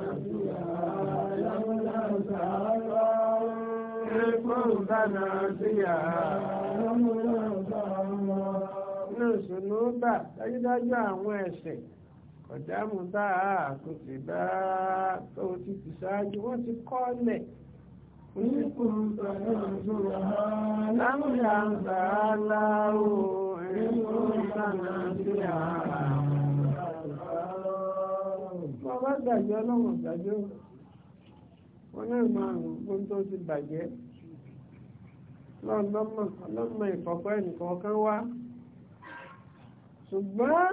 sí kọ̀dámù bá kò sì bá tó ti ti ṣáájú wọ́n ti kọ́ lẹ̀. Oníkùn ìgbàlódé lámúlà ń bá láwò ẹ̀kọ́ ìlànà sí àárá. Wọ́n bá gbàgbé ọlọ́run gbàgbé wọn náà máa ń gbóhùn tó ti bàjẹ́. Lọ́nà ọlọ́mọ ìkọ̀kọ́ ẹnìkan wá. Ṣùgbọ́n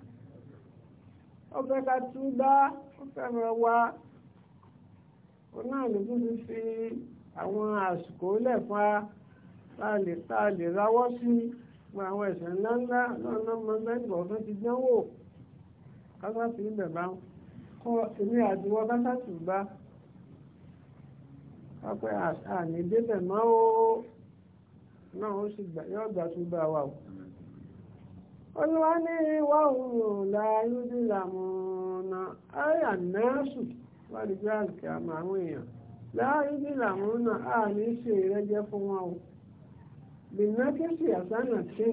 ó fẹ́ ká túbá ó fẹ́ràn wa òun náà ló tún ti fi àwọn àsìkò lẹ̀ fún wa tá a tá a lè rawọ́ sí gbogbo àwọn ẹ̀sẹ̀ ńláńlá lọ́nà ọmọ bẹ́ẹ̀gbọ̀ tó ti dánwò kásásì ń bẹ̀bá kọ́ èmi àti wọ́n kásásì bá pápẹ́ àní débẹ̀ mọ́ ó náà ó sì gbà yọ́ gbà tó bá wa o olúwa ní ìwà òun láàrúdí làmọ́nà àyà náàṣù wádìíjá àlùkẹ́ àmà àwọn èèyàn láàrúdí làmọ́nà a ní ṣe ìrẹ́jẹ́ fún wọn o bìnákẹ́sì àsánà sí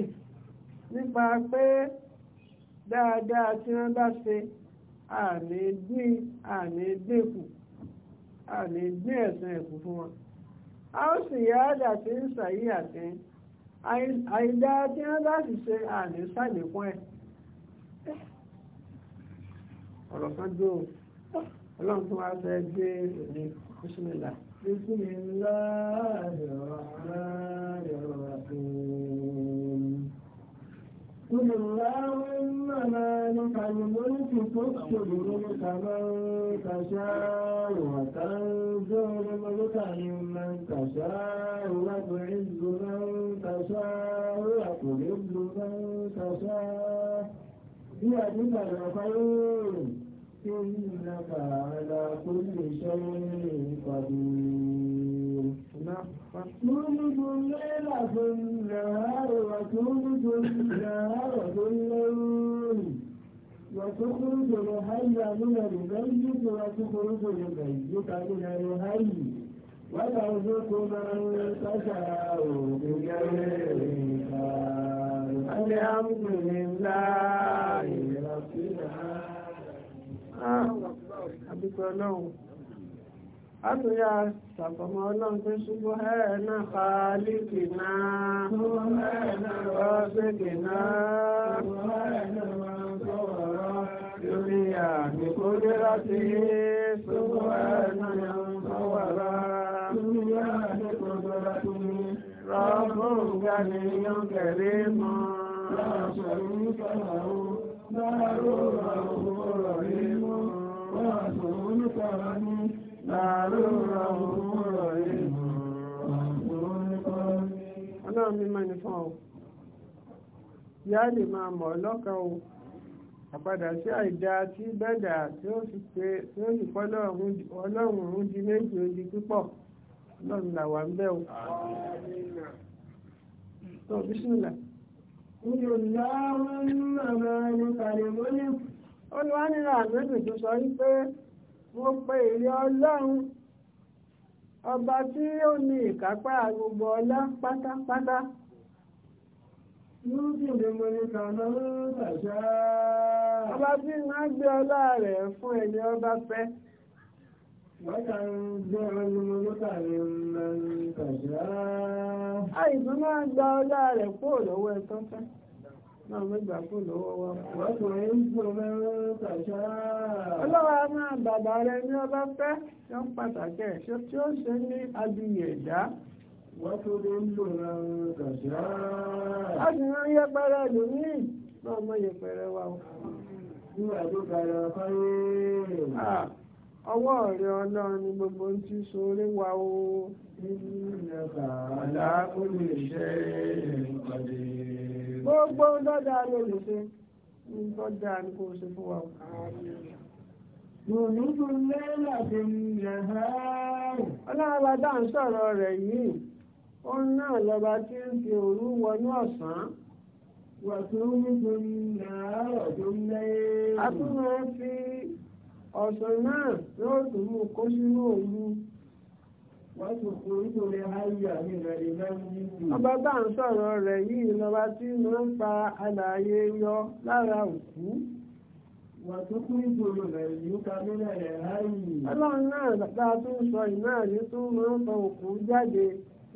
nípa pé dáadáa tí wọ́n bá ṣe àní dín àní dínkù àní dín ẹ̀sán ẹ̀kú fún wọn a ó sì yá àdà ń ṣàyí àtẹ́yìn àìdá tí wọ́n bá sì ṣe àní sàlékún ẹ̀ ọ̀rọ̀ kan jó ọlọ́run tó wá fẹ́ gbé òní bísímìlà ذلك الملك تكتب ملك من تشاء وتنزع الملك ممن تشاء وتعز من تشاء وتذل من تشاء بيدك الخير إنك على كل شيء قدير تولد الليل في النهار وتولد النهار في الليل وتخرج الحي من الميت وتخرج الميت من الحي وترزق من تشاء بغير حساب الحمد لله رب العالمين. àdúgbò ọlọ́run àtúnyà ṣàfọ̀mọ́ ọlọ́run tó ṣubú ẹ̀ náà fa líkì náà ọ̀ṣẹ́kì náà yaoeraehe eaaaa rabụgai geremaaaaụ rena àpadà sí àìdá tí bẹ́dà tí ó sì pé tí ó sì pọ́ ọlọ́run ń di méjì odi púpọ̀ ọlọ́run là wà ń bẹ̀ o. tó bísímìlà. olùwà nínú àgbègbè tó sọ wípé mo pe èrè ọlọ́run ọba tí ó ní ìkápá gbogbo ọlá pátápátá. Ọba tí ń máa gbé ọlá rẹ̀ fún ẹni ọba fẹ́. Àìsàn máa gba ọlá rẹ̀ kó lọ́wọ́ ẹ̀tọ́ fẹ́. Máa mẹ́gbà kó lọ́wọ́ wa. Ọlọ́wà máa bàbá rẹ̀ ní ọba fẹ́, yọ́n pàtàkì ẹ̀ tí ó ṣe ní adìyẹ̀ ẹ̀dá. وتذل من تشاء أجمع يقرأ جميل ọmọ yẹpẹrẹ wa o. ọwọ́ ọ̀rẹ́ ọlọ́run ni gbogbo ń ti wa o. gbogbo ń lè ṣe ń kò ṣe fún wa o. lé láti ń yẹ̀ Ọlọ́run bá dá ń sọ̀rọ̀ rẹ̀ yìí. ó náà lọ́ba tí ń fi òru wọnú ọ̀sán. A tún máa fi ọ̀sán náà yóò tún mú kó sínú òru. Ọba bá ń sọ̀rọ̀ rẹ̀ yìí lọ́ba tí ń pa alààyè yọ lára òkú. Ọlọ́run náà bá tún sọ ìmáàrí tún máa ń fọ òkú jáde.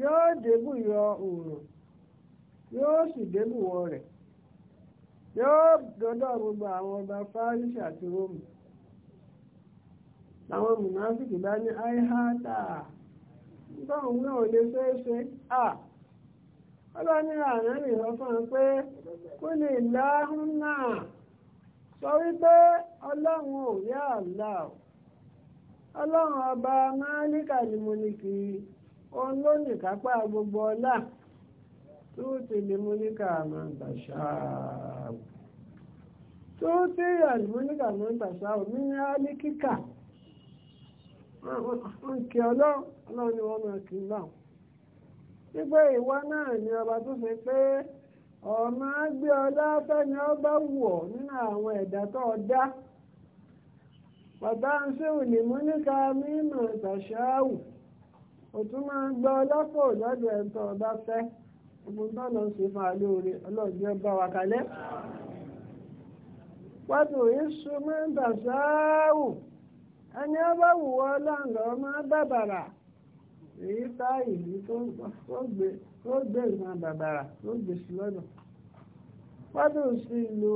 yóò débù yọ òòrùn yóò sì débù wọ rẹ̀ yóò dọ́dọ̀ gbogbo àwọn ọba fáríṣà àti rómù làwọn mùnáfíkì bá ní àìháàtà báwọn náà lè ṣeé ṣe à ọlọ́ni àná lè sọ pé náà sọ wípé ọlọ́run ò yá àlá ọlọ́run ọba máa ní kàlímọ́nìkì òun ló kápá gbogbo ọlá tó ti lè mú ní kàmá bàṣà tó ti yà mú ní kàmá ní kíkà ni wọ́n náà wípé náà ni ọba tó fi pé ọmọ gbé ọlá fẹ́ni ọba wù nínú àwọn ẹ̀dá tó dá bàbá ń ní mímọ̀ òtún máa ń gbọ́ lọ́pọ̀ lọ́dọ̀ ẹ̀ntọ́ ọba fẹ́ ogun tó lọ sí fún alóore ọba wà pàtó ìṣú máa ń bà sáàwù ẹni ọba wù láǹlọ́ máa bàbàrà èyí tá ìlú tó gbé bàbàrà tó gbé sí lọ́dọ̀ pàtó sí ìlú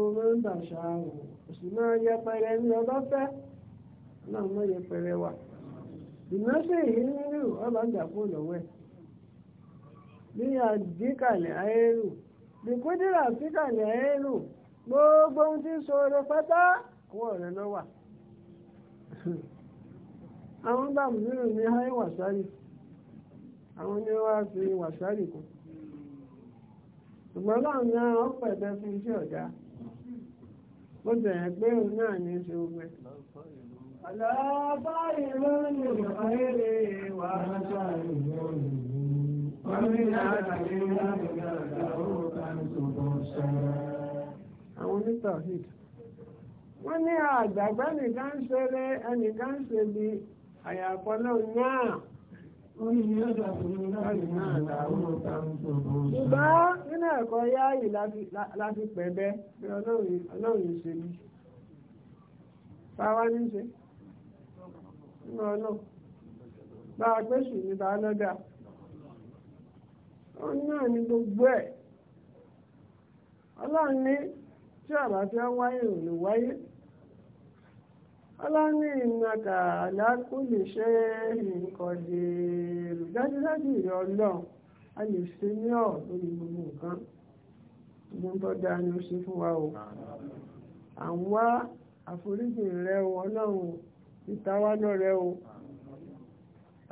máa ń ìmọ̀ọ́sẹ̀ yìí nínú a gbàgbọ́ lọ́wọ́ ẹ̀ bí àdíkàlẹ̀ ayérù bìkúdìrà ayérù gbogbo ohun tí sọ̀rọ̀ pátá wọ̀ rẹ̀ lọ́wà àwọn bá mìíràn ní ayé wàsárì àwọn ni wá fi wàsárì kù ṣùgbọ́n láwọn pẹ̀lẹ́ fún Àwọn onítàhìd. Wọ́n ní àgbàgbà nìkan ṣeré ẹnìkan ṣe bí àyàpọ̀lọ́ náà. Ṣùgbọ́n nínú ẹ̀kọ́ yáàyì láti pẹ̀bẹ́ bí ọlọ́run ṣe bí. Báwa ní ṣe. nínú ọlọ́ bá a pé sùn ní lọ́dà náà ní gbogbo ẹ̀ ọlọ́run ní tí àbá fi ń wáyé ò lè wáyé ọlọ́run ní ìnàkà àlákù lè ṣe nǹkan dèrò dájúdájú ìrẹ ọlọ́run a lè ṣe ní ọ̀ lórí gbogbo ìtawájọ rẹ o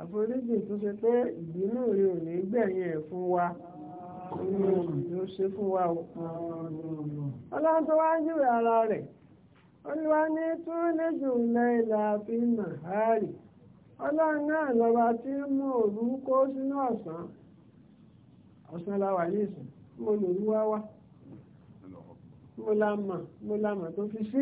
àforíjì tó ṣe pé ìbínú rẹ ò ní gbẹ̀yìn ẹ̀ fún wa ló ṣe wa o ọlọ́run tó wá ń ara rẹ̀ olúwa ní tó lẹ́jù lẹ́la fi háàrì ọlọ́run náà lọ́ba tí mú òru kó sínú ọ̀sán ọ̀sán láwà ní ìsìn mo lòrú wá wá la mọ̀ mo la mọ̀ tó fi sí.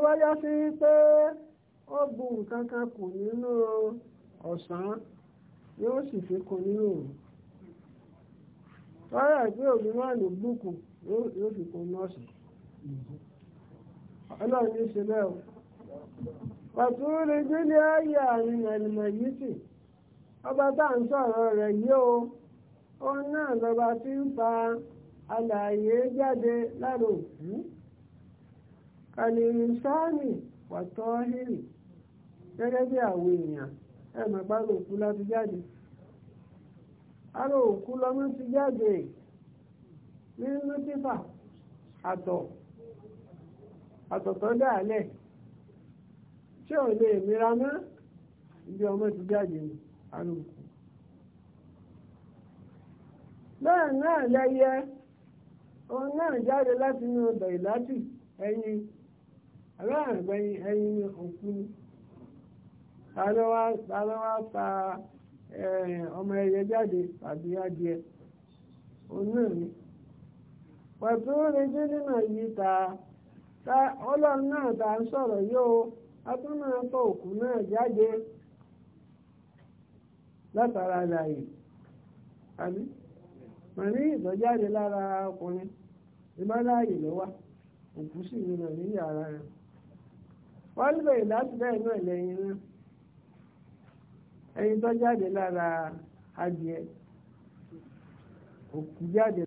tó bá yá sí pé ó bu nǹkan kan kù nínú ọ̀sán yóò sì fi kù nínú òru tọ́rọ̀ òbí náà buku búkù yóò fi kù nọ́ọ̀sì ọlọ́run ní ṣe o jílé ayé àrùn ẹ̀lùmọ̀ yìí sì ọba tá à ń sọ̀rọ̀ rẹ̀ o òun náà lọ́ba tí ń fa alààyè jáde lára òkú. àlèrìnsáàmì pàtọ́ hìrì gẹ́gẹ́ bí àwọn èèyàn ẹ̀mọ̀ pàrọ̀ òkú láti jáde alóòkú lọ ti jáde nínú pípà àtọ̀ àtọ̀tọ̀ dáàlẹ̀ tí ò lè mìíràn mọ́ ibi ọmọ ti jáde alóòkú. náà lẹ́yẹ òun náà aláàgbẹ̀yìn ẹyin òkú ni ta ló ta ọmọ ẹyẹ jáde tàbí adìẹ òun pẹ̀tù rẹjú nínú yìí ta ọlọ́run náà ta ń sọ̀rọ̀ yóò atúnà òkú náà jáde látara láàyè àbí màní ìtọ́jáde lára ọkùnrin ìbáláyè òkú sì nínú rẹ̀. wọ́n lè bẹ̀rẹ̀ láti bẹ́ẹ̀ náà lẹ́yìn náà ẹyin tó jáde lára adìẹ òkú jáde